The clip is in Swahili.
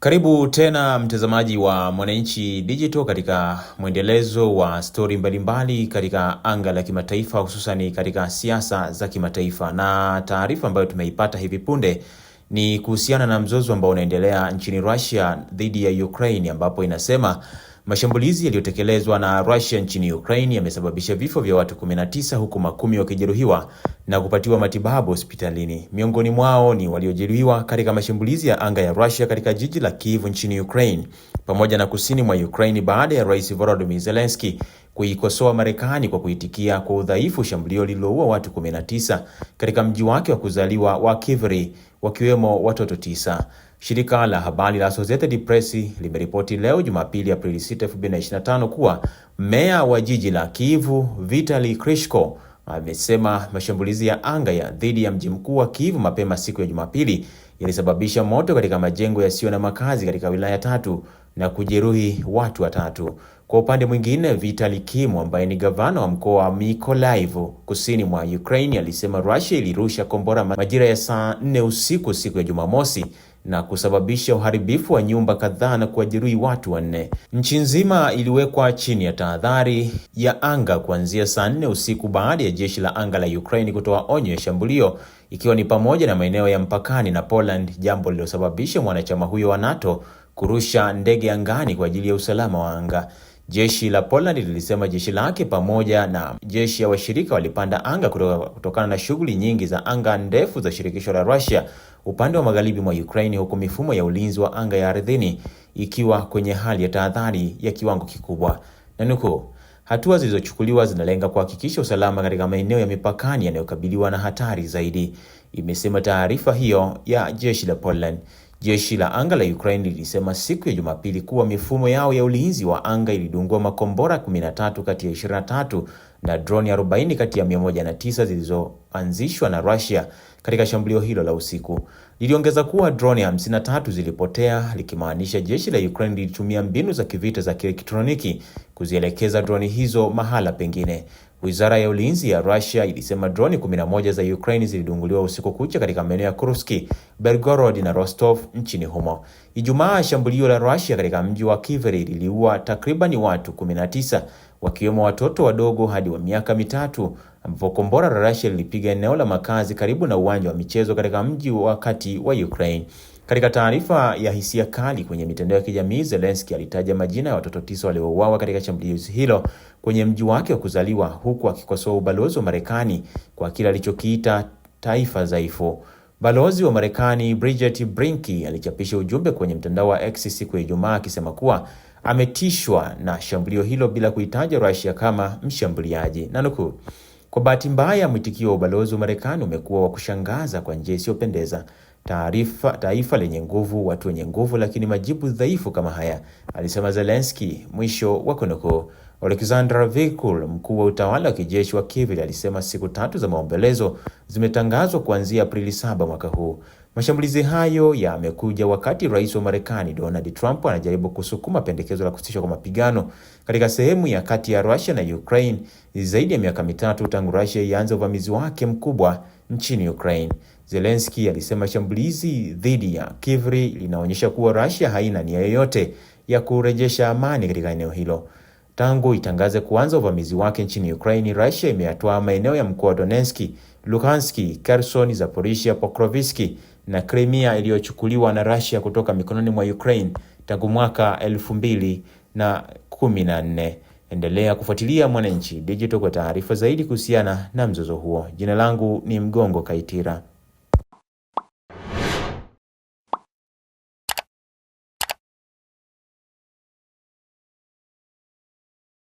Karibu tena mtazamaji wa Mwananchi Digital katika mwendelezo wa stori mbalimbali katika anga la kimataifa hususan katika siasa za kimataifa, na taarifa ambayo tumeipata hivi punde ni kuhusiana na mzozo ambao unaendelea nchini Russia dhidi ya Ukraine ambapo inasema Mashambulizi yaliyotekelezwa na Russia nchini Ukraine yamesababisha vifo vya watu 19 huku makumi wakijeruhiwa na kupatiwa matibabu hospitalini. Miongoni mwao ni waliojeruhiwa katika mashambulizi ya anga ya Russia katika jiji la Kyiv nchini Ukraine pamoja na kusini mwa Ukraine baada ya Rais Volodymyr Zelensky kuikosoa Marekani kwa kuitikia kwa udhaifu shambulio lililoua watu 19 katika mji wake wa kuzaliwa wa Kivri wakiwemo watoto tisa. Shirika la habari la Associated Press limeripoti leo Jumapili Aprili 6, 2025 kuwa meya wa jiji la Kyiv, Vitali Klitschko amesema mashambulizi ya anga ya dhidi ya mji mkuu wa Kyiv mapema siku ya Jumapili yalisababisha moto katika majengo yasiyo na makazi katika wilaya tatu na kujeruhi watu watatu. Kwa upande mwingine, Vitali Kim ambaye ni gavana wa mkoa wa Mykolaiv kusini mwa Ukraine alisema Russia ilirusha kombora majira ya saa 4 usiku siku ya Jumamosi na kusababisha uharibifu wa nyumba kadhaa na kuwajeruhi watu wanne. Nchi nzima iliwekwa chini ya tahadhari ya anga kuanzia saa nne usiku baada ya jeshi la anga la Ukraine kutoa onyo ya shambulio, ikiwa ni pamoja na maeneo ya mpakani na Poland, jambo lililosababisha mwanachama huyo wa NATO kurusha ndege angani kwa ajili ya usalama wa anga. Jeshi la Poland lilisema jeshi lake pamoja na jeshi ya washirika walipanda anga kutokana na shughuli nyingi za anga ndefu za shirikisho la Russia upande wa magharibi mwa Ukraine, huku mifumo ya ulinzi wa anga ya ardhini ikiwa kwenye hali ya tahadhari ya kiwango kikubwa. Nanukuu, hatua zilizochukuliwa zinalenga kuhakikisha usalama katika maeneo ya mipakani yanayokabiliwa na hatari zaidi, imesema taarifa hiyo ya jeshi la Poland. Jeshi la anga la Ukraine lilisema siku ya Jumapili kuwa mifumo yao ya ulinzi wa anga ilidungua makombora 13 kati ya 23 na droni 40 kati ya 109 zilizoanzishwa na Russia katika shambulio hilo la usiku. Liliongeza kuwa droni 53 zilipotea, likimaanisha jeshi la Ukraine lilitumia mbinu za kivita za kielektroniki kuzielekeza droni hizo mahala pengine. Wizara ya Ulinzi ya Russia ilisema droni 11 za Ukraine zilidunguliwa usiku kucha katika maeneo ya Kursk, Belgorod na Rostov nchini humo. Ijumaa, shambulio la Russia katika mji wa Kyiv liliua takribani watu 19 wakiwemo watoto wadogo hadi wa miaka mitatu, ambapo kombora la Russia lilipiga eneo la makazi karibu na uwanja wa michezo katika mji wa kati wa Ukraine. Katika taarifa ya hisia kali kwenye mitandao ya kijamii, Zelensky alitaja majina ya watoto tisa waliouawa katika shambulizi hilo kwenye mji wake wa kuzaliwa, huku akikosoa ubalozi wa Marekani kwa kile alichokiita taifa dhaifu. Balozi wa Marekani Bridget Brinky alichapisha ujumbe kwenye mtandao wa X siku ya Ijumaa akisema kuwa ametishwa na shambulio hilo bila kuitaja Russia kama mshambuliaji, nanukuu, kwa bahati mbaya mwitikio wa ubalozi wa Marekani umekuwa wa kushangaza kwa njia isiyopendeza taarifa, taifa lenye nguvu, watu wenye nguvu, lakini majibu dhaifu kama haya, alisema zelenski Mwisho wa kunukuu. alexandra vikul mkuu wa utawala wa kijeshi wa kivili alisema siku tatu za maombolezo zimetangazwa kuanzia Aprili saba mwaka huu. Mashambulizi hayo yamekuja wakati rais wa Marekani Donald Trump anajaribu kusukuma pendekezo la kusitishwa kwa mapigano katika sehemu ya kati ya Russia na Ukraine zaidi ya miaka mitatu tangu Russia ianze uvamizi wake mkubwa nchini Ukraine. Zelensky alisema shambulizi dhidi ya Kyiv linaonyesha kuwa Russia haina nia yoyote ya kurejesha amani katika eneo hilo. Tangu itangaze kuanza uvamizi wake nchini Ukraine, Russia imeyatwaa maeneo ya mkoa wa Donetsk, Luhansk, Kherson, Zaporizhia, Pokrovsk na Crimea iliyochukuliwa na Russia kutoka mikononi mwa Ukraine tangu mwaka 2014. Endelea kufuatilia Mwananchi Digital kwa taarifa zaidi kuhusiana na mzozo huo. Jina langu ni Mgongo Kaitira.